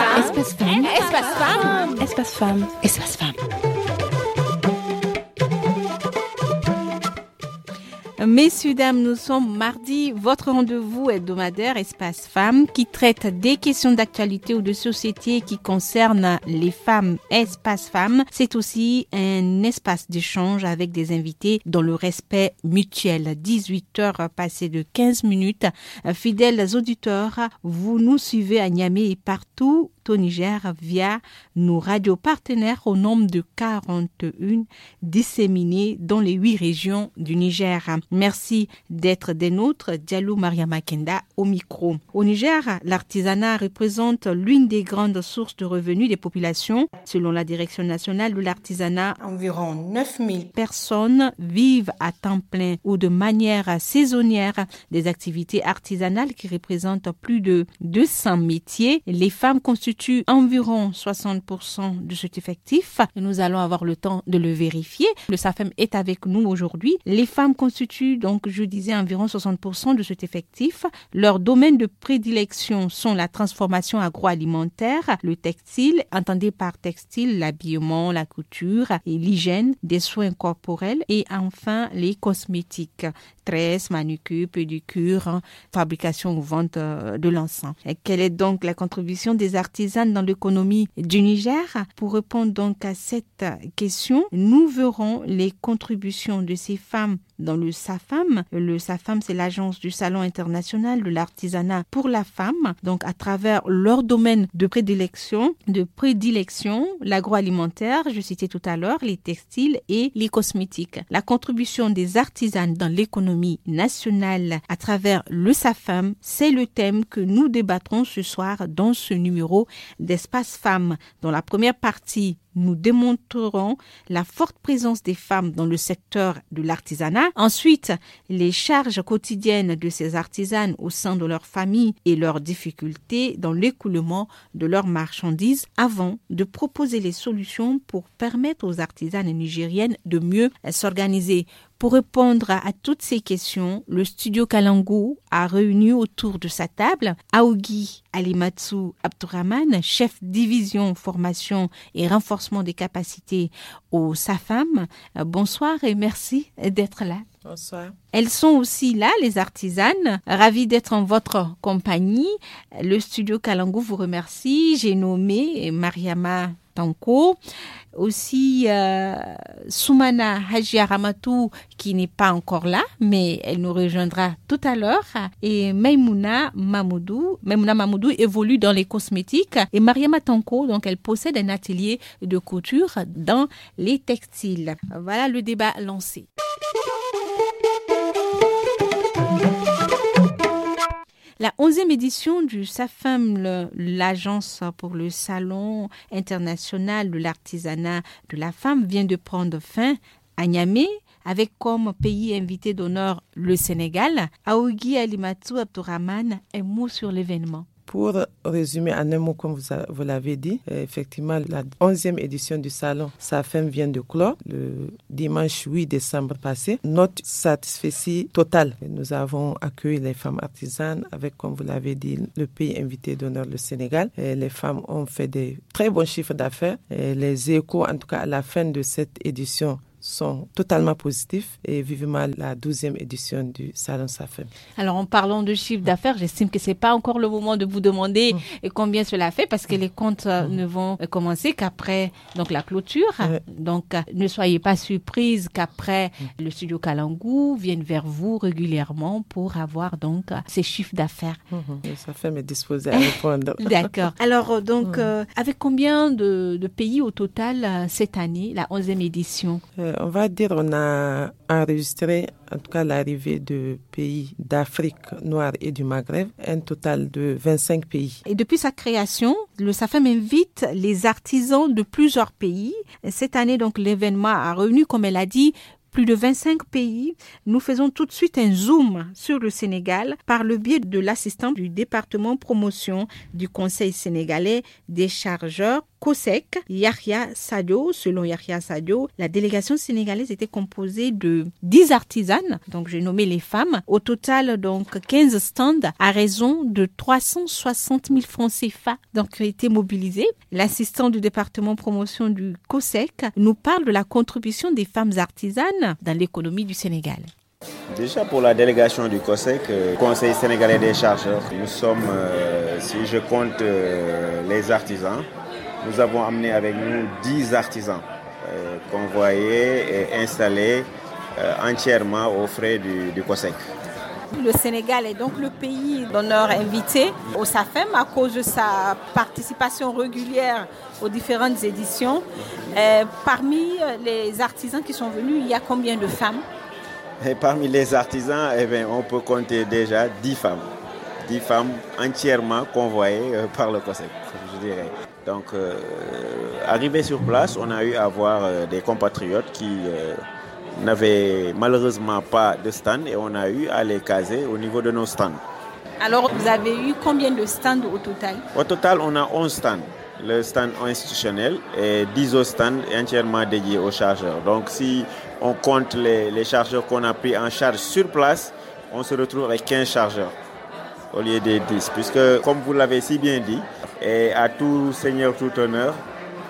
fam. Es was fam. Es was fam. Es was fam. Es was fam. Messieurs, dames, nous sommes mardi. Votre rendez-vous hebdomadaire Espace Femme, qui traite des questions d'actualité ou de société qui concernent les femmes. Espace Femmes, c'est aussi un espace d'échange avec des invités dans le respect mutuel. 18 heures passées de 15 minutes. Fidèles auditeurs, vous nous suivez à Niamey et partout au Niger via nos radios partenaires au nombre de 41 disséminées dans les huit régions du Niger. Merci d'être des nôtres. Diallo Maria Makenda au micro. Au Niger, l'artisanat représente l'une des grandes sources de revenus des populations. Selon la Direction nationale de l'artisanat, environ 9000 personnes vivent à temps plein ou de manière saisonnière des activités artisanales qui représentent plus de 200 métiers. Les femmes constituent environ 60% de cet effectif. Nous allons avoir le temps de le vérifier. Le SAFEM est avec nous aujourd'hui. Les femmes constituent donc, je disais, environ 60% de cet effectif. Leurs domaines de prédilection sont la transformation agroalimentaire, le textile, entendez par textile l'habillement, la couture et l'hygiène des soins corporels et enfin les cosmétiques, tresses manucure, pédicure, hein, fabrication ou vente euh, de l'encens. Quelle est donc la contribution des artistes dans l'économie du Niger. Pour répondre donc à cette question, nous verrons les contributions de ces femmes dans le SAFAM. Le SAFAM, c'est l'agence du Salon international de l'artisanat pour la femme. Donc, à travers leur domaine de prédilection, de prédilection, l'agroalimentaire, je citais tout à l'heure, les textiles et les cosmétiques. La contribution des artisans dans l'économie nationale à travers le SAFAM, c'est le thème que nous débattrons ce soir dans ce numéro d'Espace Femme, Dans la première partie, nous démontrerons la forte présence des femmes dans le secteur de l'artisanat. Ensuite, les charges quotidiennes de ces artisanes au sein de leur famille et leurs difficultés dans l'écoulement de leurs marchandises avant de proposer les solutions pour permettre aux artisanes nigériennes de mieux s'organiser. Pour répondre à toutes ces questions, le studio Kalangu a réuni autour de sa table Aogi Alimatsu Abdurrahman, chef division formation et renforcement des capacités au SAFAM. Euh, bonsoir et merci d'être là. Bonsoir. Elles sont aussi là, les artisanes, ravies d'être en votre compagnie. Le studio Kalangu vous remercie. J'ai nommé Mariama aussi euh, Soumana Haji qui n'est pas encore là, mais elle nous rejoindra tout à l'heure, et Maimouna Mamoudou. Maimouna Mamoudou évolue dans les cosmétiques et Mariama Tanko, donc elle possède un atelier de couture dans les textiles. Voilà le débat lancé. La 11e édition du SAFAM, l'agence pour le Salon international de l'artisanat de la femme, vient de prendre fin à Niamey avec comme pays invité d'honneur le Sénégal. Aougi Alimatsu Abdourahman, un mot sur l'événement. Pour résumer en un mot, comme vous, vous l'avez dit, euh, effectivement, la 11e édition du salon Sa femme vient de clore le dimanche 8 décembre passé. Notre satisfaction totale. Nous avons accueilli les femmes artisanes avec, comme vous l'avez dit, le pays invité d'honneur, le Sénégal. Et les femmes ont fait des très bons chiffres d'affaires. Les échos, en tout cas, à la fin de cette édition, sont totalement positifs et vivement la 12 édition du Salon SAFEM. Alors, en parlant de chiffre d'affaires, j'estime que ce n'est pas encore le moment de vous demander mm. combien cela fait parce que les comptes euh, mm. ne vont commencer qu'après donc, la clôture. Donc, euh, ne soyez pas surprise qu'après mm. le studio Kalangou vienne vers vous régulièrement pour avoir donc euh, ces chiffres d'affaires. Mm-hmm. SAFEM est disposé à répondre. D'accord. Alors, donc, avec combien de, pays au total cette année, la 11e édition on va dire on a enregistré, en tout cas l'arrivée de pays d'Afrique noire et du Maghreb, un total de 25 pays. Et depuis sa création, le SAFEM invite les artisans de plusieurs pays. Cette année, donc, l'événement a revenu, comme elle a dit, plus de 25 pays. Nous faisons tout de suite un zoom sur le Sénégal par le biais de l'assistant du département promotion du Conseil sénégalais des chargeurs COSEC, Yahya Sadio. Selon Yahya Sadio, la délégation sénégalaise était composée de 10 artisanes, donc j'ai nommé les femmes. Au total, donc 15 stands à raison de 360 000 francs CFA donc, qui ont été mobilisés. L'assistant du département promotion du COSEC nous parle de la contribution des femmes artisanes dans l'économie du Sénégal. Déjà pour la délégation du COSEC, euh, Conseil sénégalais des chargeurs, nous sommes, euh, si je compte euh, les artisans, nous avons amené avec nous 10 artisans euh, convoyés et installés euh, entièrement aux frais du, COSEC. Le Sénégal est donc le pays d'honneur invité au SAFEM à cause de sa participation régulière aux différentes éditions. Euh, parmi les artisans qui sont venus, il y a combien de femmes Parmi les artisans, eh on peut compter déjà 10 femmes. 10 femmes entièrement convoyées par le COSEC, je dirais. Donc, euh, arrivé sur place, on a eu à voir euh, des compatriotes qui euh, n'avaient malheureusement pas de stand et on a eu à les caser au niveau de nos stands. Alors, vous avez eu combien de stands au total Au total, on a 11 stands. Le stand institutionnel et 10 autres stands entièrement dédiés aux chargeurs. Donc, si on compte les, les chargeurs qu'on a pris en charge sur place, on se retrouve avec 15 chargeurs au lieu des 10. Puisque, comme vous l'avez si bien dit, et à tout seigneur, tout honneur,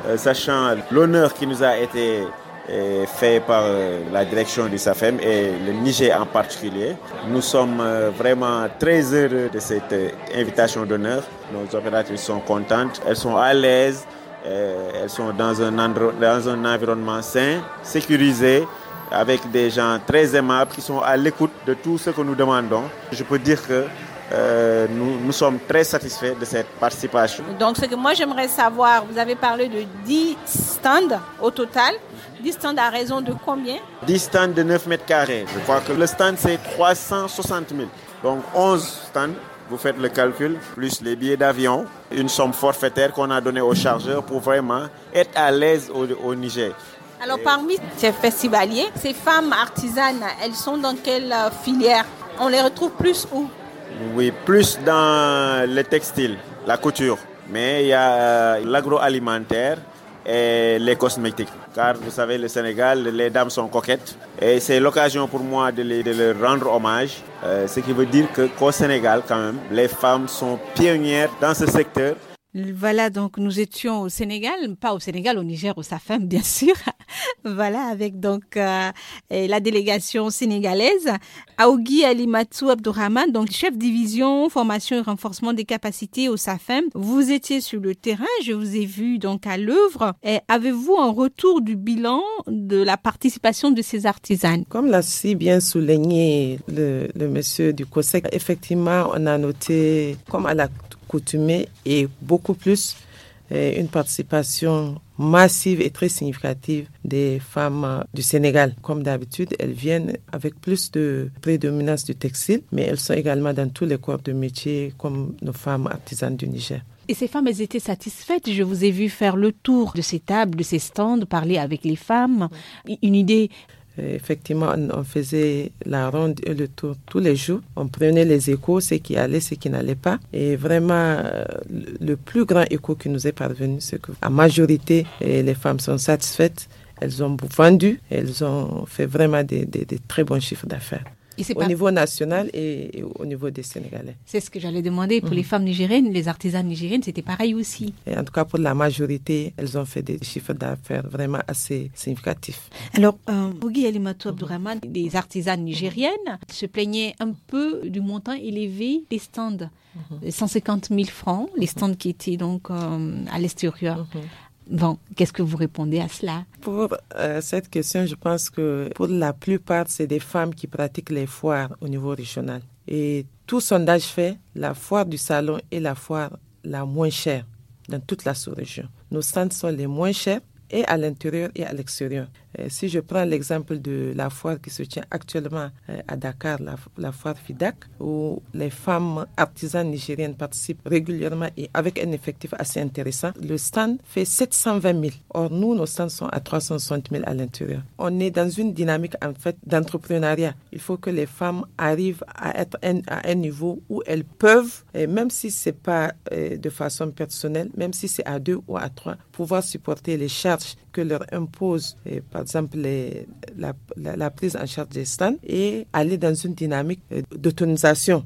euh, sachant l'honneur qui nous a été euh, fait par euh, la direction du SAFEM et le Niger en particulier, nous sommes vraiment très heureux de cette invitation d'honneur. Nos opératrices sont contentes, elles sont à l'aise, elles sont dans un, dans un environnement sain, sécurisé avec des gens très aimables qui sont à l'écoute de tout ce que nous demandons. Je peux dire que euh, nous, sommes très satisfaits de cette participation. Donc, ce que moi j'aimerais savoir, vous avez parlé de 10 stands au total. 10 stands à raison de combien 10 stands de 9 mètres carrés. Je crois que le stand, c'est 360 000. Donc, 11 stands. Vous faites le calcul, plus les billets d'avion, une somme forfaitaire qu'on a donnée aux chargeurs pour vraiment être à l'aise au Niger. Alors parmi ces festivaliers, ces femmes artisanes, elles sont dans quelle euh, filière On les retrouve plus où oui, plus dans le textile, la couture. Mais il y a euh, l'agroalimentaire et les cosmétiques. Car vous savez, le Sénégal, les dames sont coquettes. Et c'est l'occasion pour moi de, les, leur rendre hommage. Euh, ce qui veut dire qu'au Sénégal, quand même, les femmes sont pionnières dans ce secteur voilà, donc nous étions au Sénégal, pas au Sénégal, au Niger, au SAFEM, bien sûr. voilà, avec donc euh, la délégation sénégalaise. Aougui Alimatsou Abdourahman, donc chef division, formation et renforcement des capacités au SAFEM. Vous étiez sur le terrain, je vous ai vu donc à l'œuvre. Avez-vous un retour du bilan de la participation de ces artisans Comme l'a si bien souligné le, monsieur du COSEC, effectivement, on a noté, comme à la coutumée et beaucoup plus euh, une participation massive et très significative des femmes euh, du Sénégal. Comme d'habitude, elles viennent avec plus de prédominance du textile, mais elles sont également dans tous les corps de métier comme nos femmes artisanes du Niger. Et ces femmes, elles étaient satisfaites. Je vous ai vu faire le tour de ces tables, de ces stands, parler avec les femmes. Une idée Effectivement, on, faisait la ronde et le tour tous les jours. On prenait les échos, ce qui allait, ce qui n'allait pas. Et vraiment, euh, le plus grand écho qui nous est parvenu, c'est que la majorité, les femmes sont satisfaites. Elles ont vendu, elles ont fait vraiment des très bons chiffres d'affaires au niveau national et, au niveau des Sénégalais. C'est ce que j'allais demander. Pour les mhm. femmes nigériennes, les artisanes nigériennes, c'était pareil aussi. en tout cas, pour la majorité, elles ont fait des chiffres d'affaires vraiment assez significatifs. Alors, euh, Ogi Abdourahman, des artisanes nigériennes, se plaignaient un peu du montant élevé des stands. 150 mhm. 000 francs, les stands qui étaient donc euh, à l'extérieur. Mhm. Donc, qu'est-ce que vous répondez à cela Pour euh, cette question, je pense que pour la plupart, c'est des femmes qui pratiquent les foires au niveau régional. Et tout sondage fait, la foire du salon est la foire la moins chère dans toute la sous-région. Nos stands sont les moins chers et à l'intérieur et à l'extérieur. Euh, si je prends l'exemple de la foire qui se tient actuellement euh, à Dakar, la, foire FIDAC, où les femmes artisanes nigériennes participent régulièrement et avec un effectif assez intéressant, le stand fait 720 000. Or, nous, nos stands sont à 360 000 à l'intérieur. On est dans une dynamique, en fait, d'entrepreneuriat. Il faut que les femmes arrivent à être à un niveau où elles peuvent, et même si c'est pas euh, de façon personnelle, même si c'est à deux ou à trois, pouvoir supporter les charges que leur impose, par exemple, la, prise en charge des stands et aller dans une dynamique euh, d'autonomisation.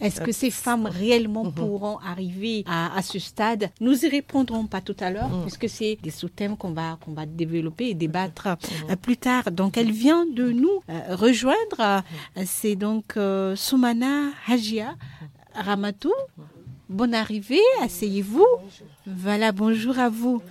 Est-ce que ces femmes réellement mhm. pourront arriver à, ce stade Nous y répondrons pas tout à l'heure, mhm. puisque c'est des sous-thèmes qu'on va, qu'on va développer et débattre mhm. euh, plus tard. Donc, elle vient de nous euh, rejoindre. C'est donc Soumana Hajia Ramatou. Bonne arrivée, asseyez-vous. Voilà, bonjour à vous.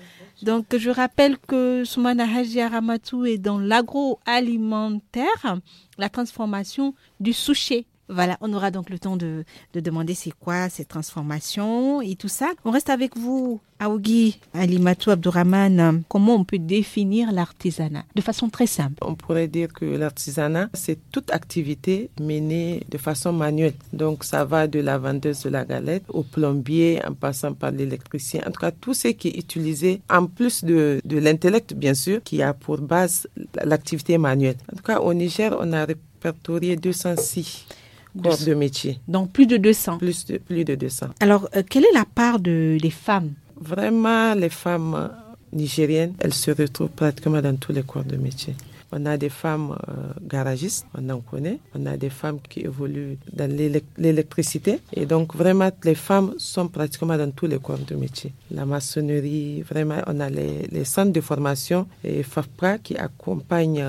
Donc, je rappelle que Soumana Haji est dans l'agroalimentaire, la transformation du souché. Voilà, on aura donc le temps de, demander c'est quoi cette transformation et tout ça. On reste avec vous, Aougi Alimatou Abdourahman. Comment on peut définir l'artisanat de façon très simple On pourrait dire que l'artisanat, c'est toute activité menée de façon manuelle. Donc ça va de la vendeuse de la galette au plombier en passant par l'électricien. En tout cas, tout ce qui est utilisé en plus de, de l'intellect, bien sûr, qui a pour base l'activité manuelle. En tout cas, au Niger, on a répertorié 206 de métier. Donc plus de 200. Plus de, plus de 200. Alors, euh, quelle est la part de, des femmes Vraiment, les femmes euh, nigériennes, elles se retrouvent pratiquement dans tous les corps de métier. On a des femmes euh, garagistes, on en connaît. On a des femmes qui évoluent dans l'électricité. Et donc, vraiment, les femmes sont pratiquement dans tous les corps de métier. La maçonnerie, vraiment, on a les, centres de formation et FAFPRA qui accompagnent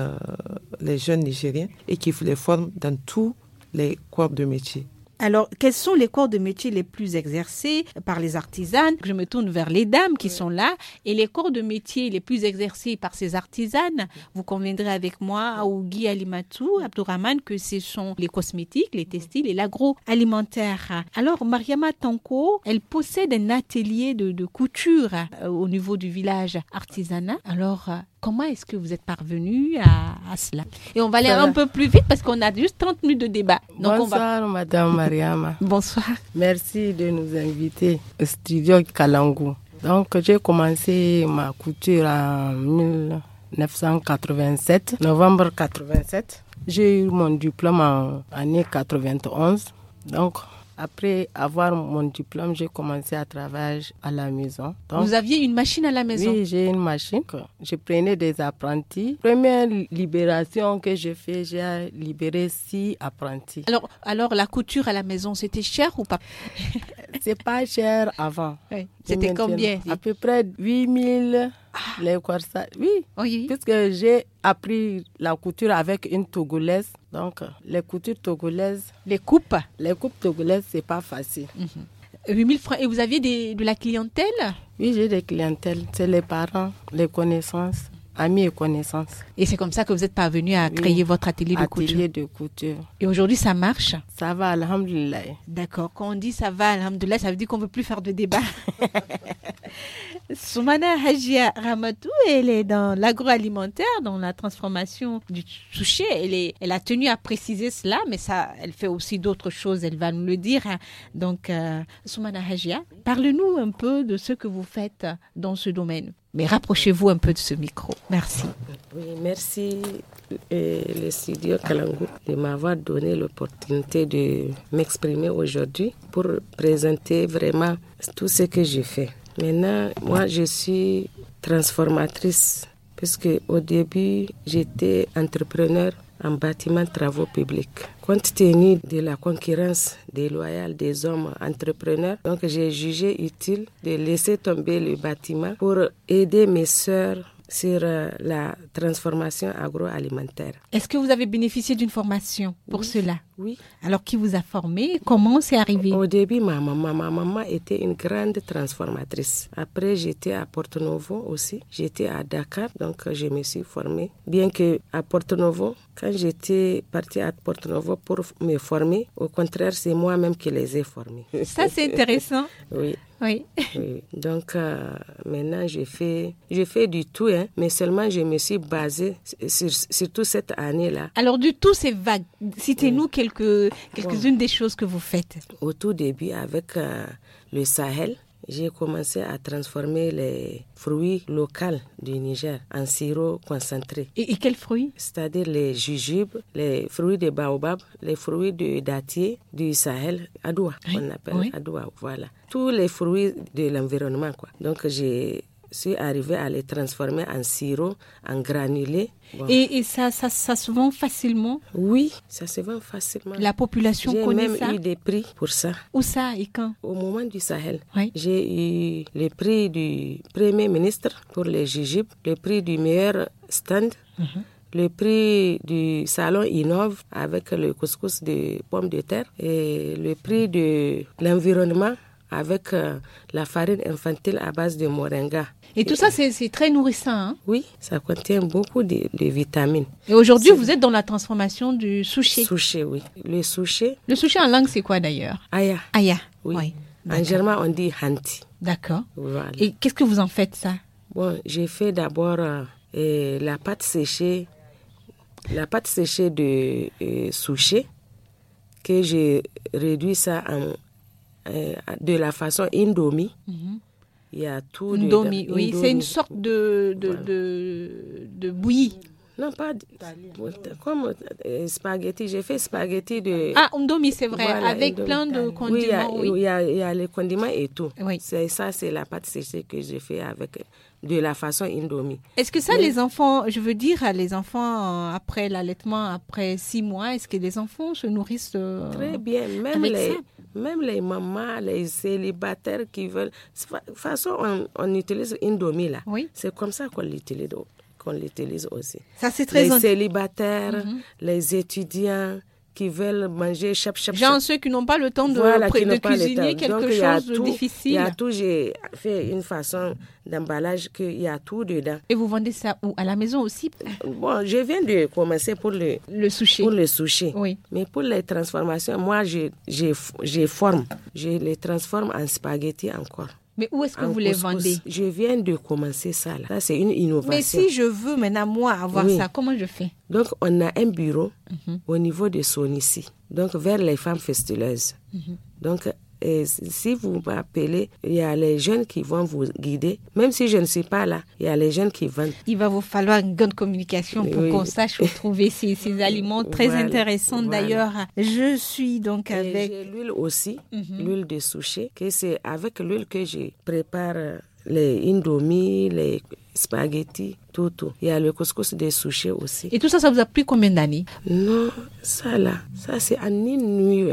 les jeunes Nigériens et qui les forment dans tous les corps de métier. Alors, quels sont les corps de métier les plus exercés par les artisanes Je me tourne vers les dames qui sont là. Et les corps de métier les plus exercés par ces artisanes, vous conviendrez avec moi, Aougui Guy Alimatou, Abdourahman, que ce sont les cosmétiques, les textiles et l'agroalimentaire. Alors, Mariama Tanko, elle possède un atelier de, couture euh, au niveau du village artisanat. Alors, Comment est-ce que vous êtes parvenu à, cela Et on va aller un peu plus vite parce qu'on a juste 30 minutes de débat. Bonsoir, Madame Mariama. Bonsoir. Merci de nous inviter au studio Kalangu. Donc, j'ai commencé ma couture en 1987, novembre 87. J'ai eu mon diplôme en année 91. Donc, après avoir mon diplôme, j'ai commencé à travailler à la maison. Vous aviez une machine à la maison Oui, j'ai une machine. Je prenais des apprentis. Première libération que j'ai fais, j'ai libéré six apprentis. Alors, alors la couture à la maison, c'était cher ou pas C'est pas cher avant. C'était combien À peu près 8000 ah. les oh, Oui, puisque j'ai appris la couture avec une Togolaise. Donc, les coutures togolaises. Les coupes Les coupes togolaises, c'est pas facile. Mhm. mille 8000 francs. Et vous aviez de la clientèle Oui, j'ai des clientèles. C'est les parents, les connaissances amis et connaissances. Et c'est comme ça que vous êtes parvenu à créer votre atelier de couture. de couture. Et aujourd'hui, ça marche Ça va, alhamdulillah. D'accord. Quand on dit ça va, alhamdulillah, ça veut dire qu'on ne veut plus faire de débat. Soumana Hajia Ramatou, elle est dans l'agroalimentaire, dans la transformation du toucher. Elle, elle a tenu à préciser cela, mais ça, elle fait aussi d'autres choses, elle va nous le dire. Hein. Donc, euh, Soumana Hajia, parle-nous un peu de ce que vous faites dans ce domaine. Mais rapprochez-vous un peu de ce micro. Merci. Oui, merci euh, le studio Kalangou de m'avoir donné l'opportunité de m'exprimer aujourd'hui pour présenter vraiment tout ce que j'ai fait. Maintenant, moi, je suis transformatrice puisque au début, j'étais entrepreneur un bâtiment de travaux publics. Compte tenu de la concurrence déloyale des hommes entrepreneurs, donc j'ai jugé utile de laisser tomber le bâtiment pour aider mes sœurs sur euh, la transformation agroalimentaire. Est-ce que vous avez bénéficié d'une formation pour cela Oui. Alors qui vous a formé Comment c'est arrivé Au début, ma maman, ma maman était une grande transformatrice. Après, j'étais à Porto Novo aussi. J'étais à Dakar, donc je me suis formée. Bien que à Porto Novo, quand j'étais partie à Porto Novo pour me former, au contraire, c'est moi-même qui les ai formés. Ça, c'est intéressant. oui. Oui. Donc euh, maintenant, j'ai fait, j'ai fait du tout, hein, mais seulement je me suis basée sur, toute cette année-là. Alors du tout, c'est vague. Citez-nous quelques, quelques-unes des choses que vous faites. Au tout début, avec euh, le Sahel, j'ai commencé à transformer les fruits locaux du Niger en sirop concentré. Et, et quels fruits C'est-à-dire les jujubes, les fruits de baobab, les fruits de datier, du Sahel, adoua, on appelle adoua, voilà. Tous les fruits de l'environnement, quoi. Donc j'ai suis arrivé à les transformer en sirop, en granulé. Et, ça, ça, ça, se vend facilement Oui, ça se vend facilement. La population connaît ça J'ai même eu des prix pour ça. Où ça et quand Au moment du Sahel. J'ai eu le prix du Premier ministre pour les jujubes, le prix du meilleur stand. Mhm. le prix du salon Innove avec le couscous de pommes de terre et le prix de l'environnement avec euh, la farine infantile à base de moringa. Et tout ça, c'est très nourrissant. Hein. Oui, ça contient beaucoup de, vitamines. Et aujourd'hui, vous êtes dans la transformation du souché. Souché, oui. Le souché. Le souché en langue, c'est quoi d'ailleurs Aya. Aya. Oui. En germain, on dit hanti. D'accord. Et qu'est-ce que vous en faites ça Bon, j'ai fait d'abord euh, la pâte séchée, la pâte séchée de euh, souché que j'ai réduit ça en, euh, de la façon indomie. Mhm. Il y a tout. Indomie, oui, c'est une sorte de, de, de, de bouillie. Non, pas comme euh, spaghetti. J'ai fait spaghetti de. Ah, indomie, c'est vrai, avec plein de condiments. Oui, il y, a, les condiments et tout. C'est ça, c'est la pâte séchée que j'ai fait avec de la façon indomie. Est-ce que ça, les enfants, je veux dire, les enfants euh, après l'allaitement, après six mois, est-ce que les enfants se nourrissent très bien, même les. Même les mamans, les célibataires qui veulent. De toute façon, on, utilise Indomie là. C'est comme ça qu'on l'utilise qu'on l'utilise aussi. Ça, c'est très... Les célibataires, mhm. les étudiants, qui veulent manger chap chap. Genre ceux qui n'ont pas le temps de, cuisiner quelque chose de difficile. Il y a tout, j'ai fait une façon d'emballage qu'il y a tout dedans. Et vous vendez ça où À la maison aussi Bon, je viens de commencer pour le, le souché. Pour le souché. Oui. Mais pour les transformations, moi, je, forme. Je les transforme en spaghettis encore. Mais où est-ce que vous les vendez Je viens de commencer ça. Là. Ça, c'est une innovation. Mais si je veux maintenant, moi, avoir ça, comment je fais Donc, on a un bureau mhm. au niveau de Sonici, donc vers les femmes festuleuses. Mhm. Donc, et si vous m'appelez, il y a les jeunes qui vont vous guider. Même si je ne suis pas là, il y a les jeunes qui vont. Il va vous falloir une grande communication pour qu'on sache trouver ces, ces aliments très intéressants d'ailleurs. Je suis donc avec. l'huile aussi, mhm. l'huile de souché. que c'est avec l'huile que je prépare les indomies, les spaghetti, tout, tout. Il y a le couscous des souchés aussi. Et tout ça, ça vous a pris combien d'années Non, ça là, ça c'est en une nuit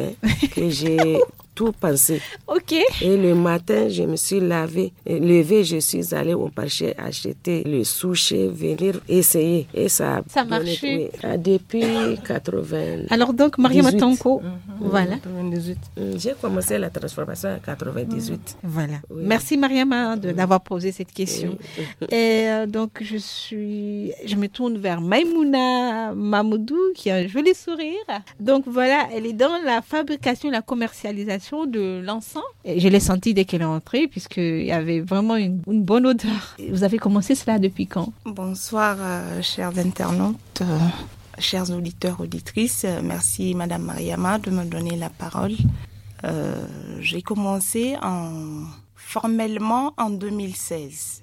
que j'ai tout pensé. Ok. Et le matin, je me suis lavé. Levé, je suis allée au marché acheter le souché, venir essayer. Et ça, ça a marché. Ah, depuis 80. Alors donc, Mariam Matanko, mhm. Mhm. voilà. Mm, j'ai commencé la transformation en 98. Voilà. Merci Mariama mm. d'avoir posé cette question. Et euh, donc, je, suis, je me tourne vers Maimouna Mamoudou, qui a un joli sourire. Donc voilà, elle est dans la fabrication, la commercialisation de l'encens. Je l'ai senti dès qu'elle est entrée, puisqu'il y avait vraiment une, bonne odeur. Vous avez commencé cela depuis quand Bonsoir, euh, chers internautes. Euh, chers auditeurs, auditrices, merci Madame Mariama de me donner la parole. J'ai commencé en, formellement en 2016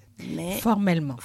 formellement.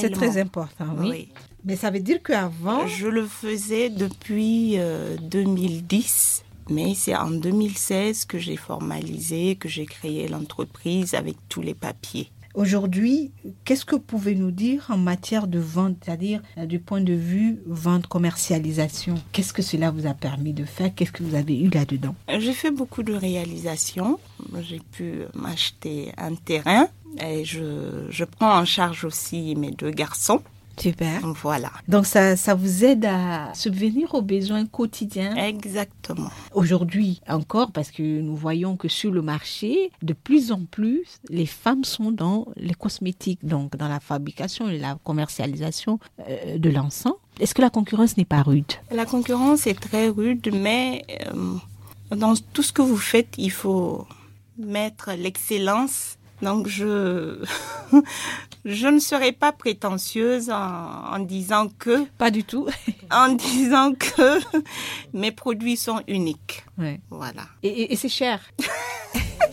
C'est très important, oui. Mais ça veut dire qu'avant... Je le faisais depuis 2010. Euh, mais c'est en 2016 que j'ai formalisé, que j'ai créé l'entreprise avec tous les papiers. Aujourd'hui, qu'est-ce que vous pouvez nous dire en matière de vente, c'est-à-dire euh, du point de vue vente, commercialisation Qu'est-ce que cela vous a permis de faire Qu'est-ce que vous avez eu là-dedans J'ai fait beaucoup de réalisations. J'ai pu m'acheter un terrain et je, je prends en charge aussi mes deux garçons. Super. Voilà. Donc ça, ça vous aide à subvenir aux besoins quotidiens. Exactement. Aujourd'hui encore, parce que nous voyons que sur le marché, de plus en plus, les femmes sont dans les cosmétiques, donc dans la fabrication et la commercialisation euh, de l'encens. Est-ce que la concurrence n'est pas rude La concurrence est très rude, mais euh, dans tout ce que vous faites, il faut mettre l'excellence donc je, je ne serai pas prétentieuse en, disant que... Pas du tout. en disant que mes produits sont uniques. Voilà. Et, et c'est cher.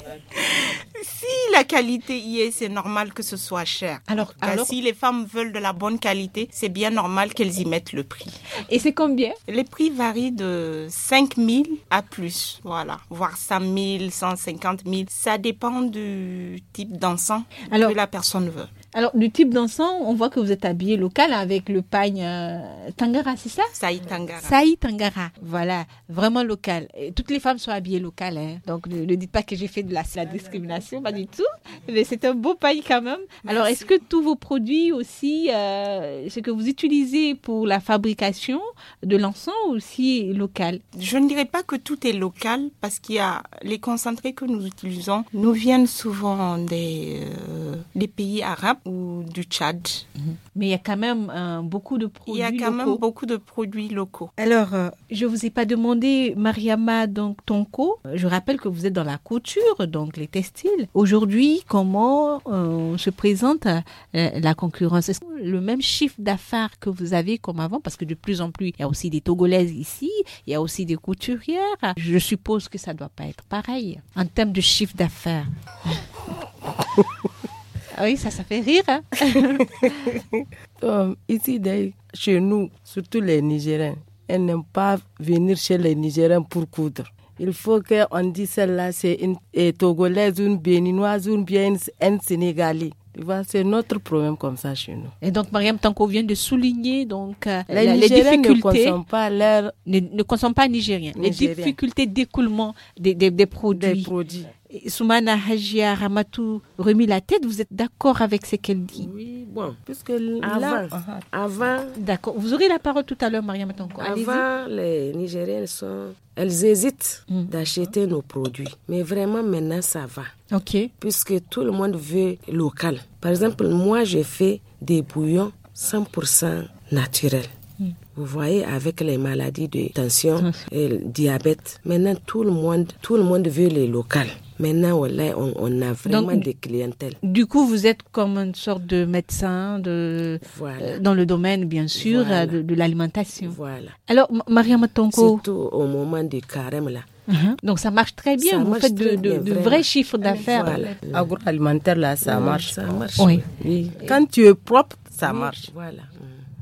si la qualité y est, c'est normal que ce soit cher. Alors, alors... si les femmes veulent de la bonne qualité, c'est bien normal qu'elles y mettent le prix. Et c'est combien Les prix varient de 5 000 à plus, voilà, voire 5 000, 150 000. Ça dépend du type d'encens que la personne veut. Alors, du type d'encens, on voit que vous êtes habillé local avec le pagne euh, Tangara, c'est ça Saï Tangara. Saï Tangara, voilà, vraiment local. toutes les femmes sont habillées locales, hein. donc ne, dites pas que j'ai fait de la, discrimination, pas du tout, mais c'est un beau pagne quand même. Alors, est-ce que tous vos produits aussi, euh, ce que vous utilisez pour la fabrication de l'encens aussi local Je ne dirais pas que tout est local, parce qu'il y a les concentrés que nous utilisons nous viennent souvent des, euh, des pays arabes ou du Tchad. Mhm. Mais il y a quand même euh, beaucoup de produits locaux. Il y a quand même beaucoup de produits locaux. Alors, euh, je ne vous ai pas demandé, Mariama donc, Tonko, je rappelle que vous êtes dans la couture, donc les textiles. Aujourd'hui, comment euh, se présente la concurrence Est-ce le même chiffre d'affaires que vous avez comme avant Parce que de plus en plus, il y a aussi des Togolaises ici, il y a aussi des couturières. Je suppose que ça ne doit pas être pareil en termes de chiffre d'affaires. Ah oui, ça, ça fait rire. Hein. Euh, ici, chez nous, surtout les Nigériens, elles n'aiment pas venir chez les Nigériens pour coudre. Il faut qu'on dise celle-là, c'est une euh, Togolaise, une Béninoise, une bien une Sénégalais. c'est notre problème comme ça chez nous. Et donc, Mariam Tanko vient de souligner donc, euh, les, les difficultés. Ne consomment pas ne, consomment pas nigériens. Les difficultés d'écoulement des, Des produits. Soumana Hajia Ramatou remis la tête, vous êtes d'accord avec ce qu'elle dit Oui, bon. Puisque avant, là, uh-huh. avant. D'accord. Vous aurez la parole tout à l'heure, Maria Matanko. Avant, les Nigériens, sont. Elles hésitent mm. d'acheter nos produits. Mais vraiment, maintenant, ça va. OK. Puisque tout le monde veut local. Par exemple, moi, j'ai fait des bouillons 100% naturels. Mm. Vous voyez, avec les maladies de tension et le diabète, maintenant tout le monde, tout le monde veut les locales. Maintenant, on, on a vraiment des clientèles. Du coup, vous êtes comme une sorte de médecin de, euh, dans le domaine, bien sûr, euh, de, l'alimentation. Voilà. Alors, Maria Matonko. Surtout au moment du carême, là. Uh-huh. Donc ça marche très bien, vous faites de, vrais chiffres d'affaires. Voilà. Agroalimentaire, là, ça, marche. ça marche. Oui. Quand tu es propre, ça marche. Voilà.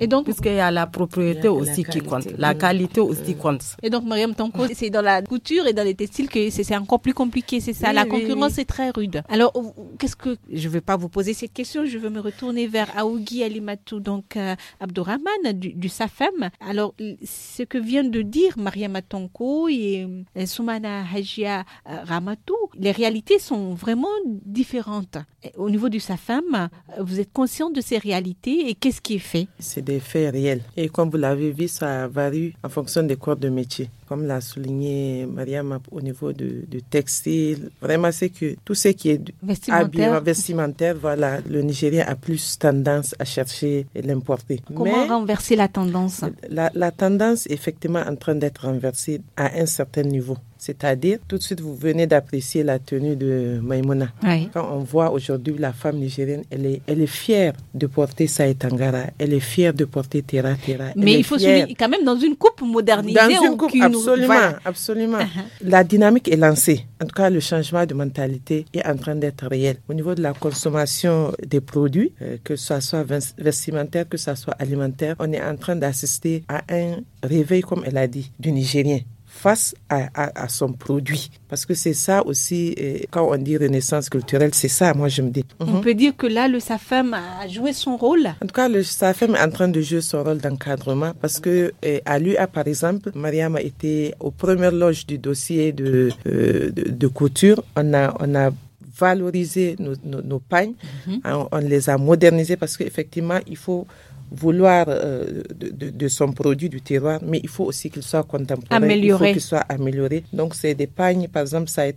Et donc, Puisqu'il y a la propriété aussi qui compte, la qualité aussi compte. Et donc, Mariam Tonko, c'est dans la couture et dans les textiles que c'est encore plus compliqué, c'est ça. la concurrence est très rude. Alors, euh, qu'est-ce que. Je ne vais pas vous poser cette question, je veux me retourner vers Aougi Alimatou, donc euh, Abdourahmane du, SAFEM. Alors, ce que vient de dire Mariam Tonko et euh, Soumana Hajia Ramatou, les réalités sont vraiment différentes. Au niveau du SAFEM, vous êtes conscient de ces réalités et qu'est-ce qui est fait C'est faits Et comme vous l'avez vu, ça varie en fonction des corps de métier. Comme l'a souligné Mariam au niveau du textile, vraiment c'est que tout ce qui est vestimentaire. vestimentaire, voilà, le Nigérien a plus tendance à chercher et l'importer. Comment renverser la tendance la, la tendance est effectivement en train d'être renversée à un certain niveau. C'est-à-dire, tout de suite, vous venez d'apprécier la tenue de Maïmouna. Quand on voit aujourd'hui la femme nigérienne, elle est, elle est fière de porter Saïtangara, elle est fière de porter Tera Tera. Mais il faut quand même dans une coupe modernisée. Dans une coupe, absolument, absolument. Uh-huh. La dynamique est lancée. En tout cas, le changement de mentalité est en train d'être réel. Au niveau de la consommation des produits, euh, que ce soit vestimentaire, que ce soit alimentaire, on est en train d'assister à un réveil, comme elle a dit, du Nigérien face à, son produit. Parce que c'est ça aussi, euh, quand on dit renaissance culturelle, c'est ça, moi je me dis. On mhm. peut dire que là, le SAFEM a joué son rôle En tout cas, le SAFEM est en train de jouer son rôle d'encadrement parce que euh, à l'UA, ah, par exemple, Mariam a été aux premières loges du dossier de, euh, de, couture. On a, on a valorisé nos, nos, pagnes, mhm. on, les a modernisées parce qu'effectivement, il faut vouloir euh, de, son produit du terroir, mais il faut aussi qu'il soit contemporain, il faut qu'il soit amélioré. Donc c'est des pagnes, par exemple, ça et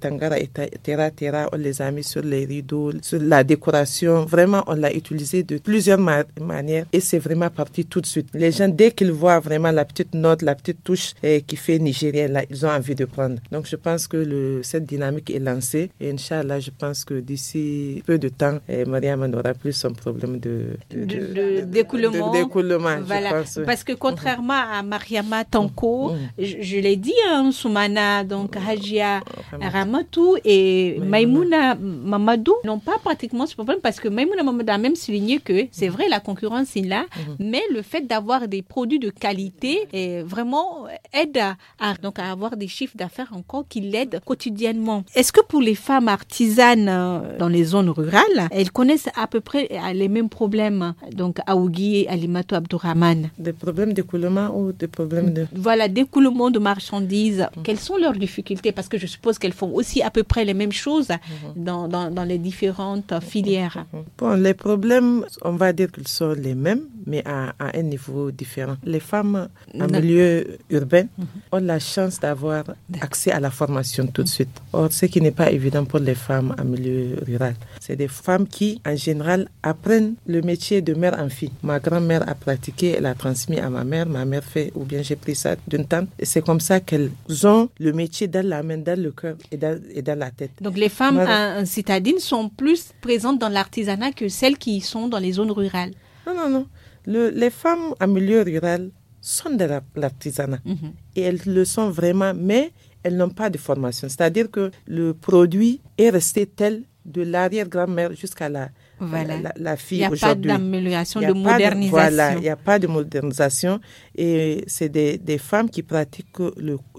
Terra Terra, on les a mis sur les rideaux, sur la décoration. Vraiment, on l'a utilisé de plusieurs manières et c'est vraiment parti tout de suite. Les gens, dès qu'ils voient vraiment la petite note, la petite touche eh, qui fait nigérien, là, ils ont envie de prendre. Donc je pense que le, cette dynamique est lancée et Inch'Allah, je pense que d'ici peu de temps, eh, Mariam n'aura plus son problème de, de, parce que contrairement à Mariama Tanko, mm. Mm. je, l'ai dit, à hein, Soumana, donc oh, Hajia Ramatou et Maimouna Mamadou n'ont pas pratiquement ce problème parce que Maimouna Mamadou a même souligné que c'est mm. vrai, la concurrence est là, mais le fait d'avoir des produits de qualité est vraiment aide à, donc à avoir des chiffres d'affaires encore qui l'aident quotidiennement. Est-ce que pour les femmes artisanes euh, dans les zones rurales, elles connaissent à peu près euh, les mêmes problèmes, donc à Alimato abdurrahman Des problèmes d'écoulement ou des problèmes de... Voilà, d'écoulement de marchandises. Quelles sont leurs difficultés Parce que je suppose qu'elles font aussi à peu près les mêmes choses mhm. dans, dans, les différentes filières. Mhm. Bon, les problèmes, on va dire qu'ils sont les mêmes, mais à, un niveau différent. Les femmes en milieu urbain mhm. ont la chance d'avoir accès à la formation tout de suite. Or, ce qui n'est pas évident pour les femmes en milieu rural. C'est des femmes qui, en général, apprennent le métier de mère en fille. Ma grand mère a pratiqué, elle a transmis à ma mère, ma mère fait, ou bien j'ai pris ça d'une tante. Et C'est comme ça qu'elles ont le métier dans la main, dans le cœur et dans, la tête. Donc les femmes citadines sont plus présentes dans l'artisanat que celles qui sont dans les zones rurales. Non, non, non. les femmes en milieu rural sont de l'artisanat mhm. et elles le sont vraiment, mais elles n'ont pas de formation. C'est-à-dire que le produit est resté tel de l'arrière-grand-mère jusqu'à la voilà. Il n'y a pas d'amélioration, de modernisation. voilà, il n'y a pas de modernisation. Et c'est des, femmes qui pratiquent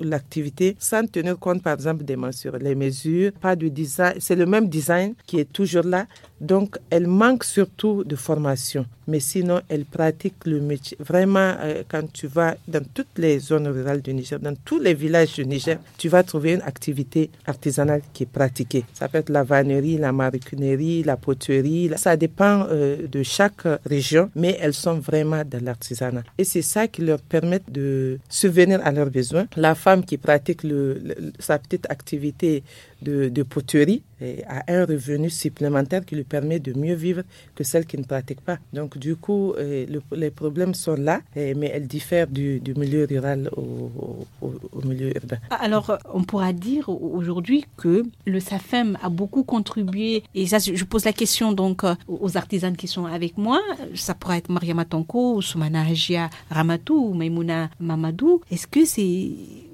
l'activité sans tenir compte, par exemple, des mesures. Les mesures, pas du design. C'est le même design qui est toujours là, donc, elle manque surtout de formation. Mais sinon, elle pratique le métier. Vraiment, euh, quand tu vas dans toutes les zones rurales du Niger, dans tous les villages du Niger, tu vas trouver une activité artisanale qui est pratiquée. Ça peut être la vannerie, la maroquinerie, la poterie. Ça dépend euh, de chaque région, mais elles sont vraiment dans l'artisanat. Et c'est ça qui leur permet de subvenir à leurs besoins. La femme qui pratique le, sa petite activité de, poterie a un revenu supplémentaire qui lui permet de mieux vivre que celles qui ne pratiquent pas. Donc du coup, euh, les problèmes sont là, euh, mais elles diffèrent du, milieu rural au, milieu urbain. Alors, on pourra dire aujourd'hui que le SAFEM a beaucoup contribué, et ça, je pose la question donc euh, aux artisans qui sont avec moi, ça pourrait être Mariama Matonko, Soumana Hajia Ramatou, Maimouna Mamadou, est-ce que c'est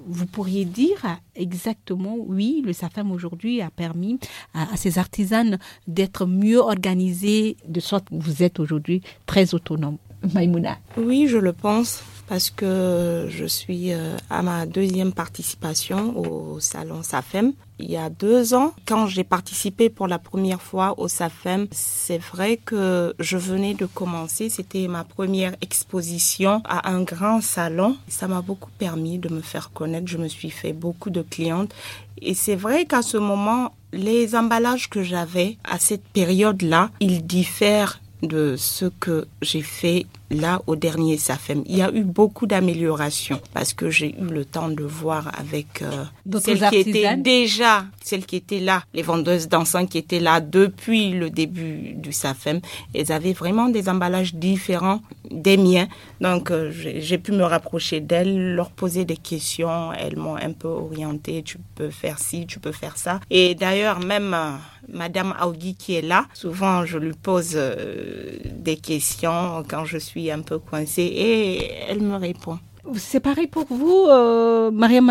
vous pourriez dire exactement, oui, le SAFAM aujourd'hui a permis à, ces artisanes d'être mieux organisés de sorte que vous êtes aujourd'hui très autonome. Maïmouna. Oui, je le pense parce que je suis euh, à ma deuxième participation au salon SAFEM. Il y a deux ans, quand j'ai participé pour la première fois au SAFEM, c'est vrai que je venais de commencer. C'était ma première exposition à un grand salon. Ça m'a beaucoup permis de me faire connaître. Je me suis fait beaucoup de clientes. Et c'est vrai qu'à ce moment, les emballages que j'avais à cette période-là, ils diffèrent de ce que j'ai fait là au dernier SAFEM. Il y a eu beaucoup d'améliorations parce que j'ai eu le temps de voir avec euh, celles qui étaient déjà, celles qui étaient là, les vendeuses d'encens qui étaient là depuis le début du SAFEM. Elles avaient vraiment des emballages différents des miens. Donc euh, j'ai pu me rapprocher d'elles, leur poser des questions. Elles m'ont un peu orienté Tu peux faire ci, tu peux faire ça. Et d'ailleurs, même... Euh, Madame Augie qui est là. Souvent, je lui pose euh, des questions quand je suis un peu coincée et elle me répond. C'est pareil pour vous, euh, Maria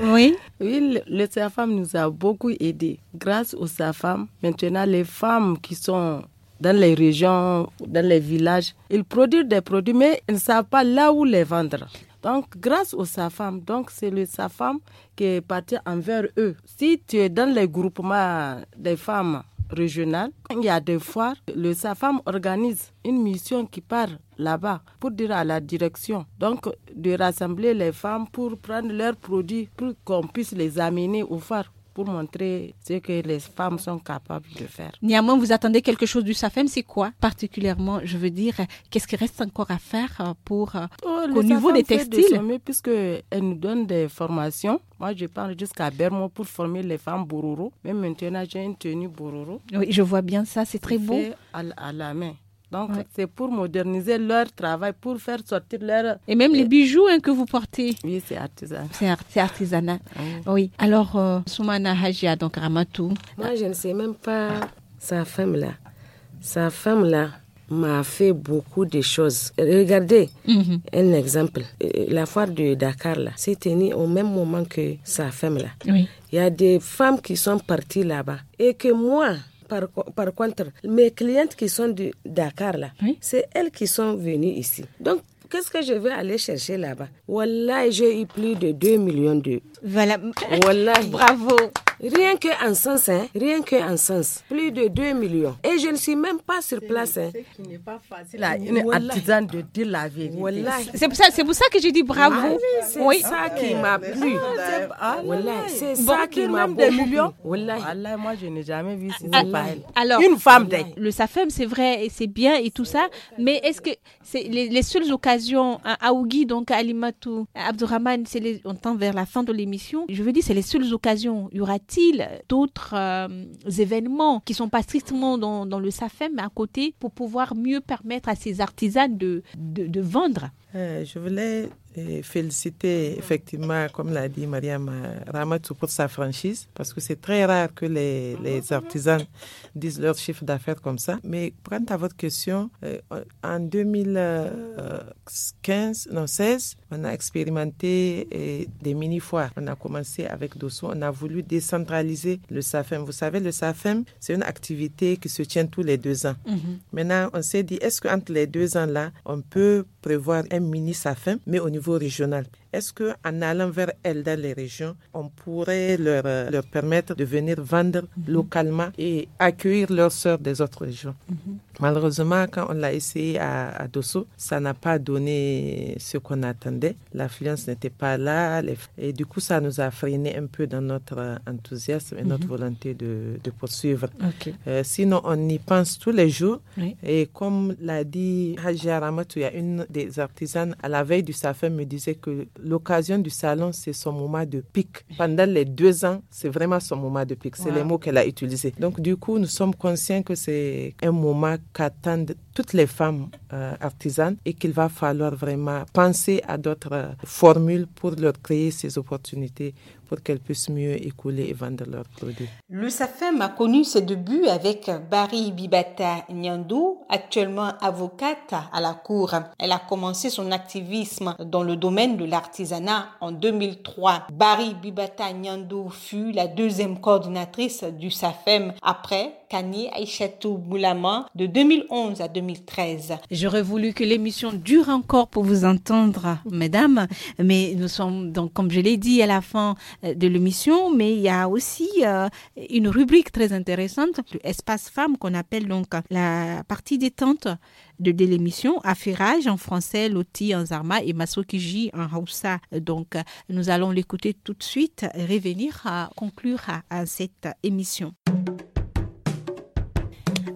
Oui. Oui, le, SAFAM nous a beaucoup aidés. Grâce au SAFAM, maintenant les femmes qui sont dans les régions, dans les villages, ils produisent des produits, mais elles ne savent pas là où les vendre. Donc, grâce au SAFAM, donc c'est le SAFAM qui est parti envers eux. Si tu es dans les groupements des femmes régionales, il y a des foires, le SAFAM organise une mission qui part là-bas pour dire à la direction, donc de rassembler les femmes pour prendre leurs produits pour qu'on puisse les amener au foires pour montrer ce que les femmes sont capables de faire. Néanmoins, vous attendez quelque chose du SAFEM, c'est quoi particulièrement Je veux dire, qu'est-ce qui reste encore à faire euh, pour euh, oh, au niveau des textiles puisque elle nous donne des formations. Moi, je parle jusqu'à Bermo pour former les femmes bororo. Mais maintenant, j'ai une tenue bororo. Oui, je vois bien ça, c'est très beau. à la main. Donc, c'est pour moderniser leur travail, pour faire sortir leur... Et même les bijoux hein, que vous portez. Oui, c'est artisanal. C'est artisanal. Ah oui. Alors, euh, Soumana Hajia, donc Ramatou. Moi, je ne sais même pas sa femme-là. Sa femme-là m'a fait beaucoup de choses. Regardez mhm. un exemple. Euh, la foire de Dakar, là, s'est tenue au même moment que sa femme-là. Oui. Il y a des femmes qui sont parties là-bas. Et que moi, par, contre, mes clientes qui sont de Dakar, c'est elles qui sont venues ici. Donc, qu'est-ce que je vais aller chercher là-bas Voilà, j'ai eu plus de 2 millions de... voilà. Bravo. Rien que en sens, hein, rien que en sens, plus de 2 millions. Et je ne suis même pas sur place. Hein. Ce n'est pas de dire la vérité. C'est pour ça, c'est pour ça que j'ai dit bravo. Ah oui, c'est ça qui eh, m'a plu. Ah c'est ça qui m'a plu. millions. moi je n'ai jamais vu ah, ce pareil. Alors, une femme le SAFEM, c'est vrai et c'est bien et tout ça, mais est-ce que c'est les, seules occasions hein, à Aougui, donc à Alimatou, à Abdourahman, c'est on tend vers la fin de l'émission. Je veux dire, c'est les seules occasions. Y aura d'autres euh, événements qui ne sont pas strictement dans, le SAFEM, mais à côté, pour pouvoir mieux permettre à ces artisans de vendre euh, je voulais euh, féliciter, effectivement, comme l'a dit Mariam euh, Ramatou, pour sa franchise, parce que c'est très rare que les, artisans disent leur chiffre d'affaires comme ça. Mais quant à votre question, en 2015, non, 16, on a expérimenté des mini-foires. On a commencé avec Dosso, on a voulu décentraliser le SAFEM. Vous savez, le SAFEM, c'est une activité qui se tient tous les deux ans. Mhm. Maintenant, on s'est dit, est-ce qu'entre les deux ans-là, on peut prévoir un mini sa femme mais au niveau régional. Est-ce qu'en allant vers elles dans les régions, on pourrait leur, euh, leur permettre de venir vendre mhm. localement et accueillir leurs sœurs des autres régions mhm. Malheureusement, quand on l'a essayé à, à, Dosso, ça n'a pas donné ce qu'on attendait. L'affluence n'était pas là. Et du coup, ça nous a freiné un peu dans notre enthousiasme et notre mhm. volonté de, de poursuivre. Euh, sinon, on y pense tous les jours. Et comme l'a dit Haji Aramatou, il y a une des artistes à la veille du Safin, me disait que l'occasion du salon, c'est son moment de pic. Pendant les deux ans, c'est vraiment son moment de pic. C'est les mots qu'elle a utilisés. Donc, du coup, nous sommes conscients que c'est un moment qu'attendent toutes les femmes euh, artisanes et qu'il va falloir vraiment penser à d'autres euh, formules pour leur créer ces opportunités pour qu'elles puissent mieux écouler et vendre leurs produits. Le SAFEM a connu ses débuts avec Barry Bibata Nyandou, actuellement avocate à la Cour. Elle a commencé son activisme dans le domaine de l'artisanat en 2003. Barry Bibata Nyandou fut la deuxième coordinatrice du SAFEM après Kani Aïchatou Boulama de 2011 à 2013. J'aurais voulu que l'émission dure encore pour vous entendre, mesdames, mais nous sommes donc, comme je l'ai dit, à la fin euh, de l'émission, mais il y a aussi euh, une rubrique très intéressante, l'espace femme qu'on appelle donc la partie détente de, l'émission, Affirage en français, Loti en Zarma et Masokiji en Hausa. Donc, nous allons l'écouter tout de suite revenir à conclure à cette émission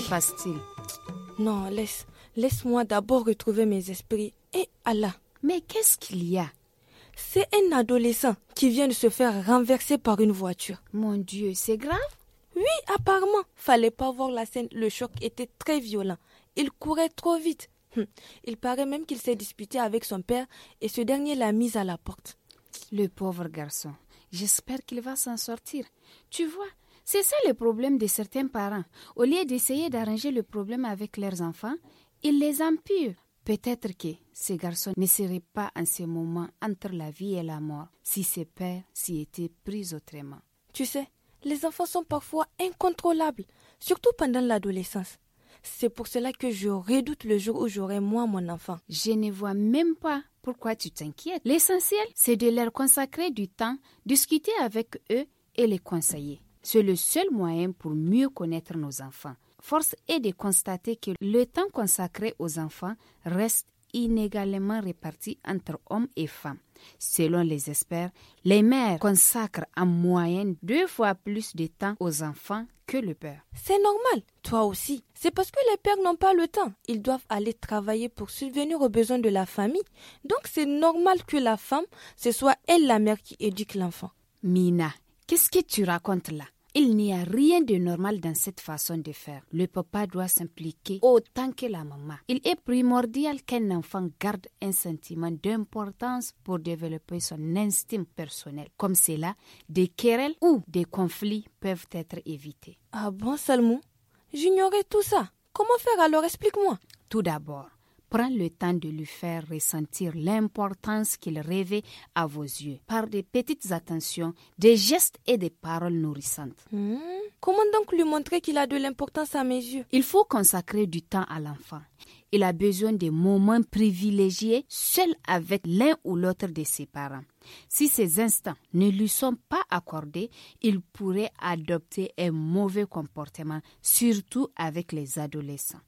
se t il Non, laisse. Laisse-moi d'abord retrouver mes esprits. Et Allah Mais qu'est-ce qu'il y a C'est un adolescent qui vient de se faire renverser par une voiture. Mon Dieu, c'est grave Oui, apparemment. Fallait pas voir la scène. Le choc était très violent. Il courait trop vite. Hum. Il paraît même qu'il s'est disputé avec son père et ce dernier l'a mis à la porte. Le pauvre garçon. J'espère qu'il va s'en sortir. Tu vois, c'est ça le problème de certains parents. Au lieu d'essayer d'arranger le problème avec leurs enfants, ils les empurent. Peut-être que ces garçons ne seraient pas en ce moment entre la vie et la mort si ces pères s'y étaient pris autrement. Tu sais, les enfants sont parfois incontrôlables, surtout pendant l'adolescence. C'est pour cela que je redoute le jour où j'aurai moi mon enfant. Je ne vois même pas pourquoi tu t'inquiètes. L'essentiel, c'est de leur consacrer du temps, discuter avec eux et les conseiller. C'est le seul moyen pour mieux connaître nos enfants. Force est de constater que le temps consacré aux enfants reste inégalement réparti entre hommes et femmes. Selon les experts, les mères consacrent en moyenne deux fois plus de temps aux enfants que le père. C'est normal, toi aussi. C'est parce que les pères n'ont pas le temps. Ils doivent aller travailler pour subvenir aux besoins de la famille. Donc c'est normal que la femme, ce soit elle la mère qui éduque l'enfant. Mina, Qu'est-ce que tu racontes là il n'y a rien de normal dans cette façon de faire. Le papa doit s'impliquer autant que la maman. Il est primordial qu'un enfant garde un sentiment d'importance pour développer son instinct personnel. Comme cela, des querelles ou des conflits peuvent être évités. Ah bon, Salmou J'ignorais tout ça. Comment faire alors Explique-moi. Tout d'abord, Prends le temps de lui faire ressentir l'importance qu'il rêvait à vos yeux par des petites attentions, des gestes et des paroles nourrissantes. Hmm. Comment donc lui montrer qu'il a de l'importance à mes yeux Il faut consacrer du temps à l'enfant. Il a besoin de moments privilégiés seul avec l'un ou l'autre de ses parents. Si ces instants ne lui sont pas accordés, il pourrait adopter un mauvais comportement, surtout avec les adolescents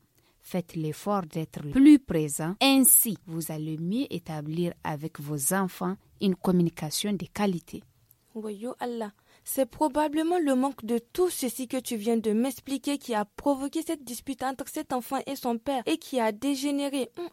faites l'effort d'être plus présent. Ainsi, vous allez mieux établir avec vos enfants une communication de qualité. Voyons Allah, c'est probablement le manque de tout ceci que tu viens de m'expliquer qui a provoqué cette dispute entre cet enfant et son père et qui a dégénéré. Hum,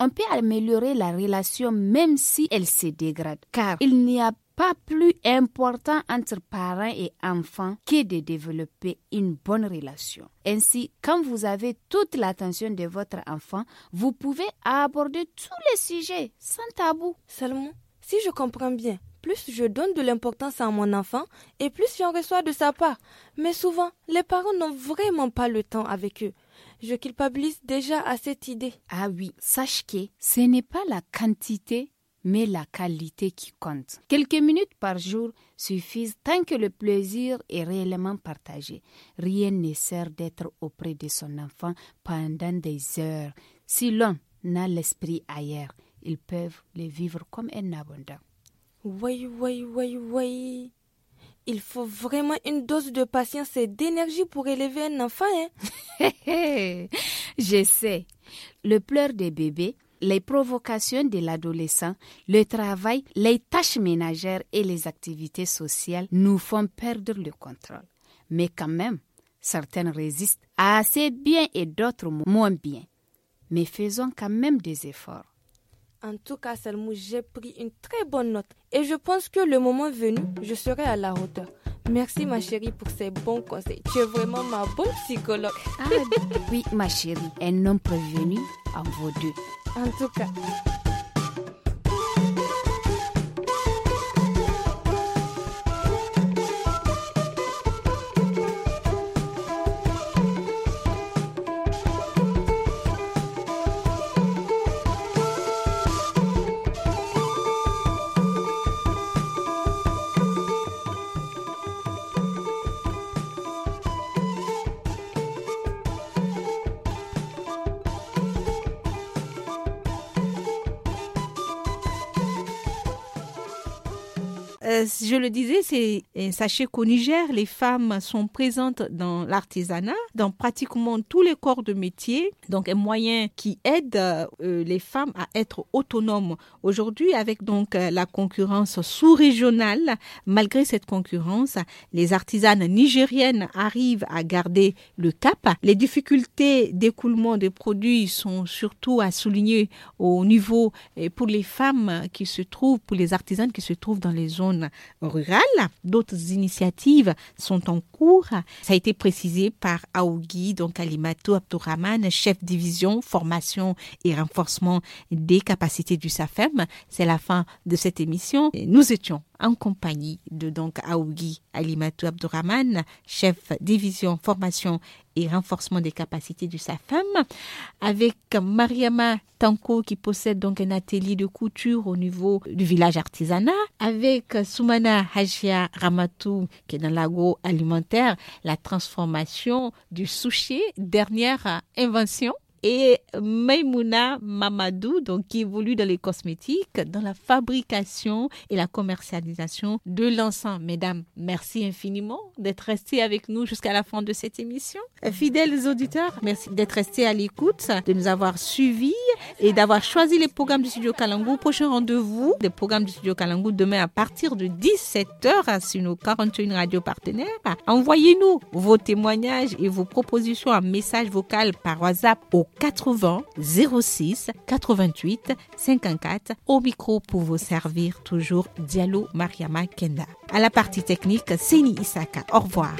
On peut améliorer la relation même si elle se dégrade, car il n'y a pas pas plus important entre parents et enfants que de développer une bonne relation. Ainsi, quand vous avez toute l'attention de votre enfant, vous pouvez aborder tous les sujets sans tabou. Seulement, si je comprends bien, plus je donne de l'importance à mon enfant et plus j'en reçois de sa part. Mais souvent, les parents n'ont vraiment pas le temps avec eux. Je culpabilise déjà à cette idée. Ah oui, sache que ce n'est pas la quantité mais la qualité qui compte. Quelques minutes par jour suffisent tant que le plaisir est réellement partagé. Rien ne sert d'être auprès de son enfant pendant des heures. Si l'on n'a l'esprit ailleurs, ils peuvent le vivre comme un abondant. Oui, oui, oui, oui. Il faut vraiment une dose de patience et d'énergie pour élever un enfant. Hein? Je sais. Le pleur des bébés les provocations de l'adolescent, le travail, les tâches ménagères et les activités sociales nous font perdre le contrôle. Mais quand même, certaines résistent assez bien et d'autres moins bien. Mais faisons quand même des efforts. En tout cas, Salmou, j'ai pris une très bonne note et je pense que le moment venu, je serai à la hauteur. Merci ma chérie pour ces bons conseils. Tu es vraiment ma bonne psychologue. Ah oui, ma chérie, un homme prévenu en vaut deux. 安徒卡。je le disais, c'est sachez qu'au Niger, les femmes sont présentes dans l'artisanat, dans pratiquement tous les corps de métier. Donc un moyen qui aide euh, les femmes à être autonomes. Aujourd'hui, avec donc euh, la concurrence sous-régionale, malgré cette concurrence, les artisanes nigériennes arrivent à garder le cap. Les difficultés d'écoulement des produits sont surtout à souligner au niveau pour les femmes qui se trouvent, pour les artisanes qui se trouvent dans les zones Rural. D'autres initiatives sont en cours. Ça a été précisé par Aougui, donc Alimato Abdourahman, chef division formation et renforcement des capacités du SAFEM. C'est la fin de cette émission. Nous étions en compagnie de donc Aougui Alimato Abdourahman, chef division formation et renforcement des capacités de sa femme, avec Mariama Tanko qui possède donc un atelier de couture au niveau du village artisanat, avec Soumana Hajia Ramatou qui est dans l'agroalimentaire, la transformation du sushi, dernière invention et Maimouna Mamadou, donc, qui évolue dans les cosmétiques, dans la fabrication et la commercialisation de l'encens. Mesdames, merci infiniment d'être restées avec nous jusqu'à la fin de cette émission. Euh, fidèles auditeurs, merci d'être restés à l'écoute, de nous avoir suivis et d'avoir choisi les programmes du Studio Kalangou. Prochain rendez-vous des programmes du Studio Kalangou demain à partir de 17h sur nos 41 radios partenaires. Envoyez-nous vos témoignages et vos propositions en message vocal par WhatsApp au 80 06 88 54. Au micro pour vous servir toujours Diallo Mariama Kenda. À la partie technique, Sini Isaka. Au revoir.